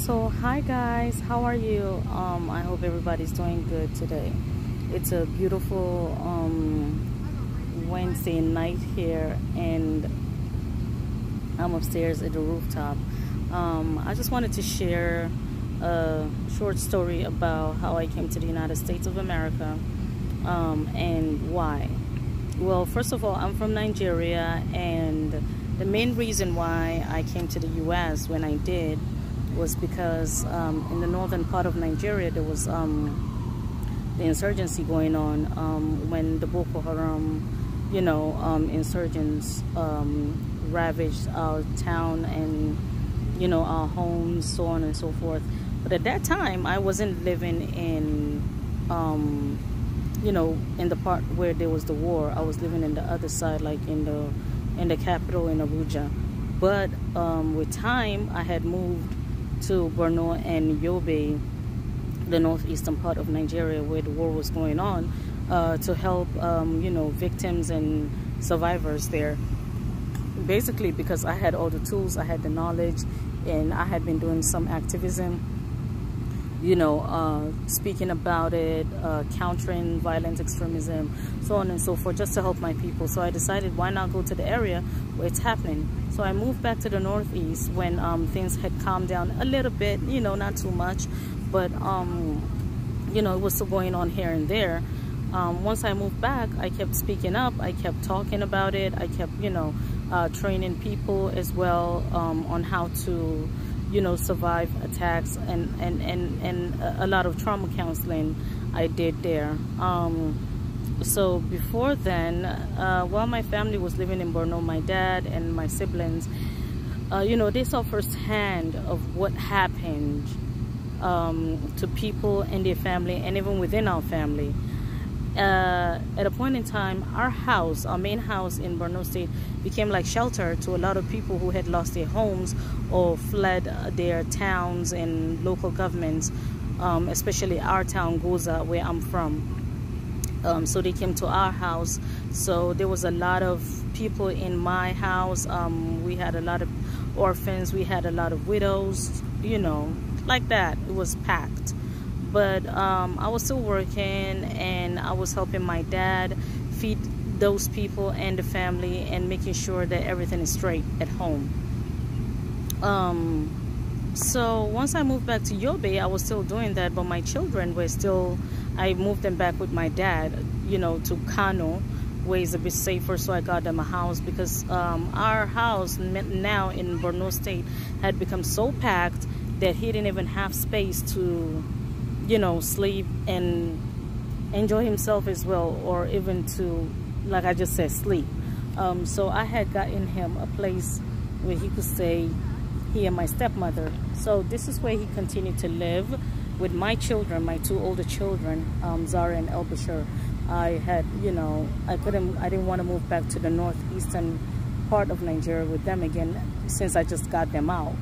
so hi guys how are you um, i hope everybody's doing good today it's a beautiful um, wednesday night here and i'm upstairs at the rooftop um, i just wanted to share a short story about how i came to the united states of america um, and why well first of all i'm from nigeria and the main reason why i came to the us when i did was because um, in the northern part of Nigeria there was um, the insurgency going on um, when the Boko Haram, you know, um, insurgents um, ravaged our town and you know our homes, so on and so forth. But at that time, I wasn't living in, um, you know, in the part where there was the war. I was living in the other side, like in the in the capital in Abuja. But with time, I had moved to Borno and Yobe, the northeastern part of Nigeria where the war was going on, uh, to help um, you know victims and survivors there. Basically, because I had all the tools, I had the knowledge, and I had been doing some activism you know, uh, speaking about it, uh, countering violent extremism, so on and so forth, just to help my people. So I decided, why not go to the area where it's happening? So I moved back to the Northeast when um, things had calmed down a little bit, you know, not too much, but, um, you know, it was still going on here and there. Um, once I moved back, I kept speaking up, I kept talking about it, I kept, you know, uh, training people as well um, on how to you know, survive attacks and, and, and, and a lot of trauma counseling I did there. Um, so before then, uh, while my family was living in Borno, my dad and my siblings, uh, you know, they saw firsthand of what happened um, to people and their family and even within our family uh, at a point in time, our house, our main house in Borno State, became like shelter to a lot of people who had lost their homes or fled their towns and local governments, um, especially our town, Goza, where I'm from. Um, so they came to our house. So there was a lot of people in my house. Um, we had a lot of orphans. We had a lot of widows, you know, like that. It was packed but um, I was still working and I was helping my dad feed those people and the family and making sure that everything is straight at home. Um, so once I moved back to Yobe, I was still doing that, but my children were still, I moved them back with my dad, you know, to Kano, where it's a bit safer, so I got them a house because um, our house now in Borno State had become so packed that he didn't even have space to you know, sleep and enjoy himself as well, or even to, like I just said, sleep. Um, so I had gotten him a place where he could stay, he and my stepmother. So this is where he continued to live with my children, my two older children, um, Zara and Elbisher I had, you know, I couldn't, I didn't want to move back to the northeastern part of Nigeria with them again since I just got them out.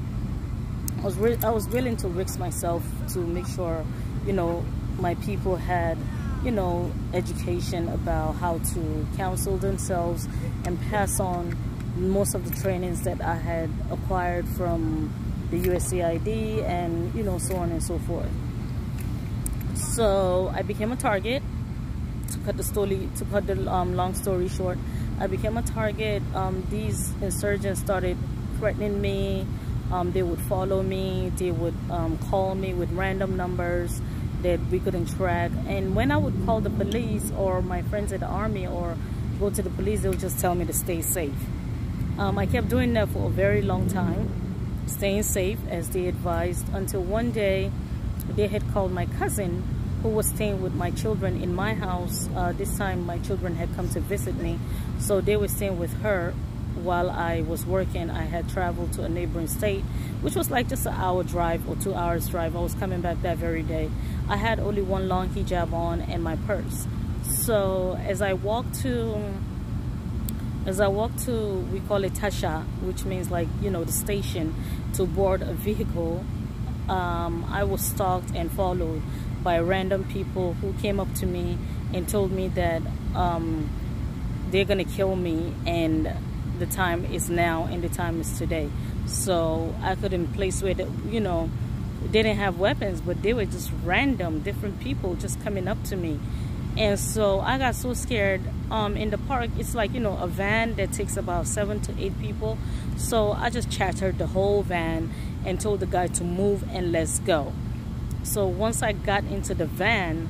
I was, I was willing to risk myself to make sure you know, my people had, you know, education about how to counsel themselves and pass on most of the trainings that I had acquired from the USCID and, you know, so on and so forth. So I became a target. To cut the story, to cut the um, long story short, I became a target. Um, these insurgents started threatening me. Um, they would follow me. They would um, call me with random numbers that we couldn't track. And when I would call the police or my friends at the army or go to the police, they would just tell me to stay safe. Um, I kept doing that for a very long time, staying safe as they advised, until one day they had called my cousin who was staying with my children in my house. Uh, this time my children had come to visit me, so they were staying with her while I was working, I had traveled to a neighboring state, which was like just an hour drive or two hours drive. I was coming back that very day. I had only one long hijab on and my purse. So as I walked to, as I walked to, we call it Tasha, which means like, you know, the station to board a vehicle, um, I was stalked and followed by random people who came up to me and told me that um, they're gonna kill me and the time is now and the time is today. So I could in place where, the, you know, they didn't have weapons, but they were just random, different people just coming up to me. And so I got so scared. Um, in the park, it's like, you know, a van that takes about seven to eight people. So I just chattered the whole van and told the guy to move and let's go. So once I got into the van,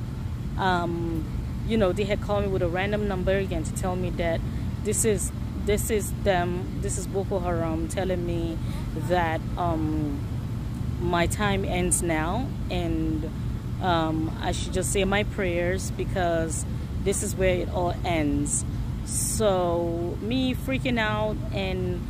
um, you know, they had called me with a random number again to tell me that this is this is them this is Boko Haram telling me that um, my time ends now and um, I should just say my prayers because this is where it all ends so me freaking out and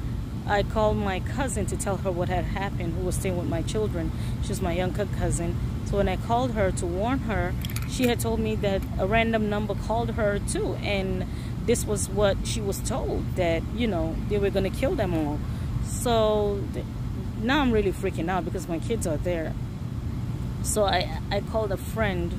I called my cousin to tell her what had happened who was staying with my children she's my younger cousin so when I called her to warn her she had told me that a random number called her too and this was what she was told that you know they were going to kill them all so now i'm really freaking out because my kids are there so i i called a friend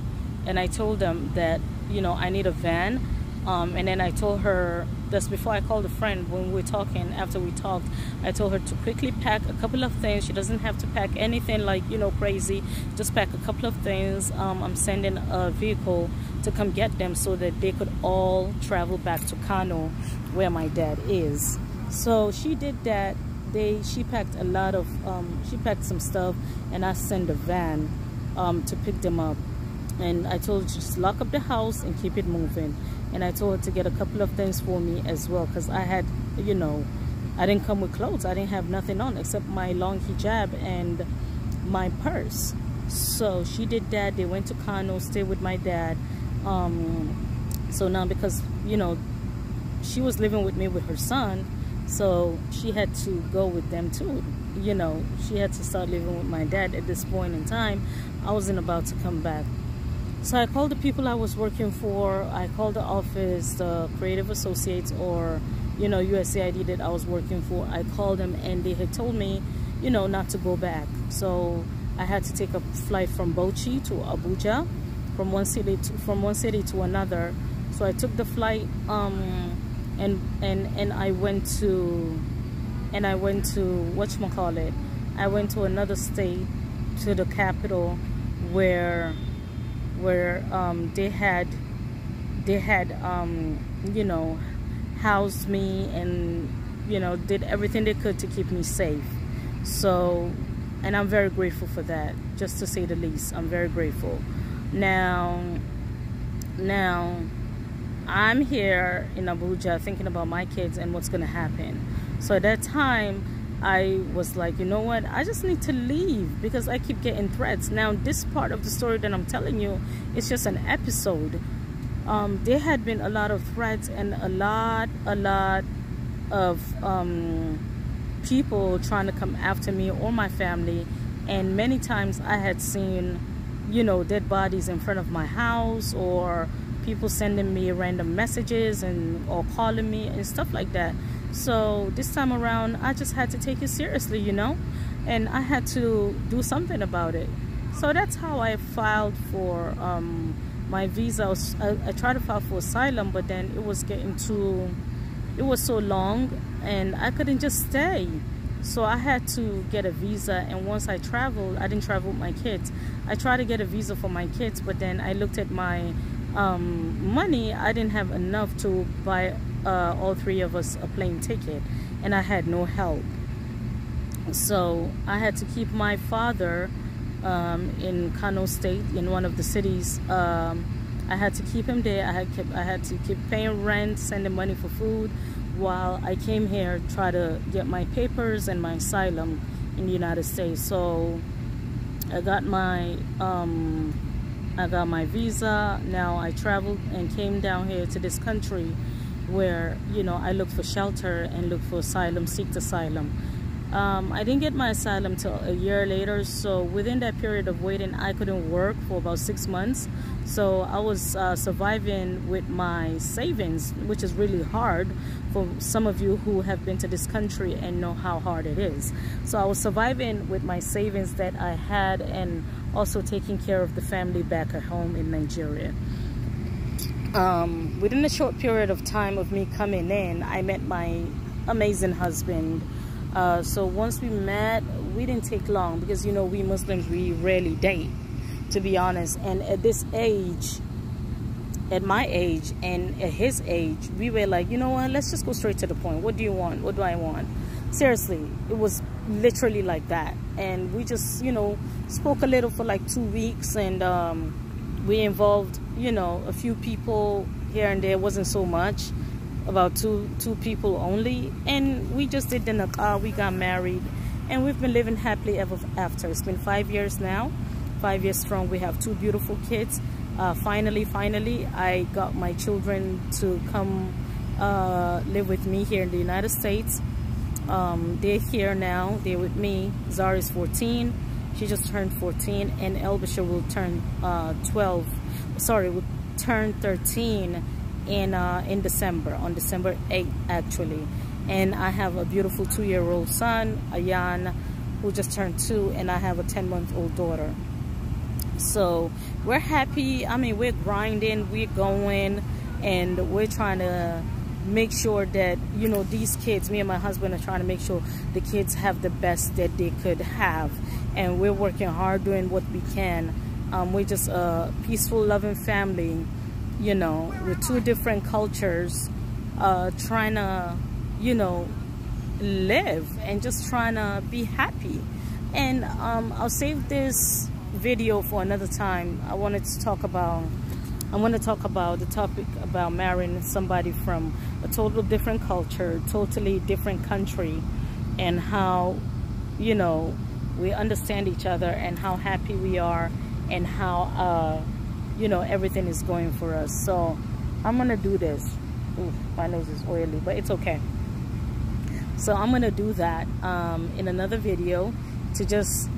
and i told them that you know i need a van um, and then i told her this before I called a friend when we were talking after we talked I told her to quickly pack a couple of things she doesn't have to pack anything like you know crazy just pack a couple of things um, I'm sending a vehicle to come get them so that they could all travel back to Kano where my dad is so she did that they she packed a lot of um, she packed some stuff and I sent a van um, to pick them up and I told her to just lock up the house and keep it moving and I told her to get a couple of things for me as well because I had you know I didn't come with clothes I didn't have nothing on except my long hijab and my purse so she did that they went to Kano stayed with my dad um, so now because you know she was living with me with her son so she had to go with them too you know she had to start living with my dad at this point in time I wasn't about to come back so I called the people I was working for. I called the office, the Creative Associates, or you know USAID that I was working for. I called them, and they had told me, you know, not to go back. So I had to take a flight from Bochi to Abuja, from one city to, from one city to another. So I took the flight, um, and and and I went to, and I went to what you call it. I went to another state, to the capital, where where um, they had they had um, you know housed me and you know did everything they could to keep me safe so and I'm very grateful for that just to say the least I'm very grateful now now I'm here in Abuja thinking about my kids and what's gonna happen so at that time I was like, you know what? I just need to leave because I keep getting threats. Now, this part of the story that I'm telling you, it's just an episode. Um, there had been a lot of threats and a lot, a lot of um, people trying to come after me or my family. And many times I had seen, you know, dead bodies in front of my house or people sending me random messages and or calling me and stuff like that so this time around I just had to take it seriously you know and I had to do something about it so that's how I filed for um, my visa I, was, I, I tried to file for asylum but then it was getting too it was so long and I couldn't just stay so I had to get a visa and once I traveled I didn't travel with my kids I tried to get a visa for my kids but then I looked at my um, money I didn't have enough to buy uh, all three of us a plane ticket and I had no help. So I had to keep my father um, in Kano State, in one of the cities. Um, I had to keep him there. I had, kept, I had to keep paying rent, sending money for food, while I came here try to get my papers and my asylum in the United States. So I got my um, I got my visa. Now I traveled and came down here to this country where you know I look for shelter and look for asylum, seek asylum. Um, I didn't get my asylum till a year later, so within that period of waiting, I couldn't work for about six months. So I was uh, surviving with my savings, which is really hard for some of you who have been to this country and know how hard it is. So I was surviving with my savings that I had and also taking care of the family back at home in Nigeria um, within a short period of time of me coming in, I met my amazing husband. Uh, so once we met, we didn't take long because you know we Muslims we rarely date, to be honest. And at this age, at my age and at his age, we were like, you know what? Let's just go straight to the point. What do you want? What do I want? Seriously, it was literally like that. And we just, you know, spoke a little for like two weeks and. Um, we involved, you know, a few people here and there. It wasn't so much, about two two people only. And we just did the nakah. Uh, we got married, and we've been living happily ever after. It's been five years now, five years strong. We have two beautiful kids. Uh, finally, finally, I got my children to come uh, live with me here in the United States. Um, they're here now. They're with me. Zara is 14. She just turned 14 and Elbisha will turn uh, 12, sorry, will turn 13 in, uh, in December, on December 8th actually. And I have a beautiful two-year-old son, Ayan, who just turned two and I have a 10-month-old daughter. So we're happy. I mean, we're grinding, we're going, and we're trying to make sure that you know these kids me and my husband are trying to make sure the kids have the best that they could have and we're working hard doing what we can um, we're just a peaceful loving family you know with two different cultures uh, trying to you know live and just trying to be happy and um, I'll save this video for another time I wanted to talk about I want to talk about the topic about marrying somebody from a totally different culture, totally different country, and how, you know, we understand each other and how happy we are and how, uh, you know, everything is going for us. So I'm going to do this. my nose is oily, but it's okay. So I'm going to do that um, in another video to just,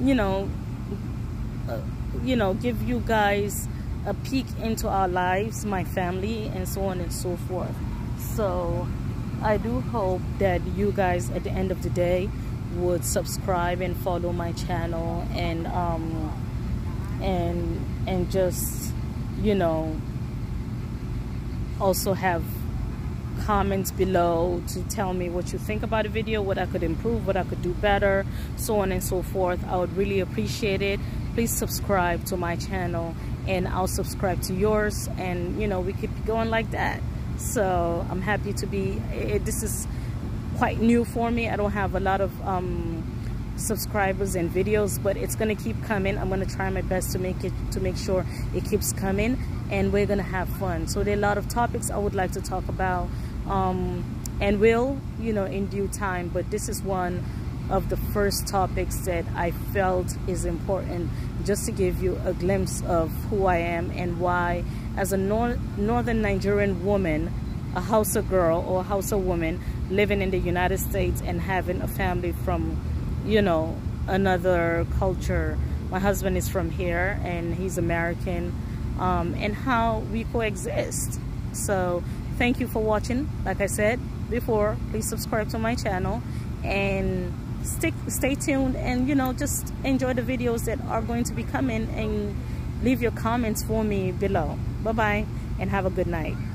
you know, uh, you know, give you guys a peek into our lives, my family, and so on and so forth. So I do hope that you guys at the end of the day would subscribe and follow my channel and um and and just you know also have comments below to tell me what you think about the video what I could improve what I could do better so on and so forth I would really appreciate it please subscribe to my channel and I'll subscribe to yours and you know we keep going like that so I'm happy to be it, this is quite new for me I don't have a lot of um, subscribers and videos but it's gonna keep coming I'm gonna try my best to make it to make sure it keeps coming and we're gonna have fun so there are a lot of topics I would like to talk about um, and will you know in due time but this is one of the first topics that I felt is important just to give you a glimpse of who I am and why as a nor northern Nigerian woman a Hausa girl or a Hausa woman living in the United States and having a family from you know another culture my husband is from here and he's American um, and how we coexist so thank you for watching like I said before please subscribe to my channel and stick stay tuned and you know just enjoy the videos that are going to be coming and leave your comments for me below bye bye and have a good night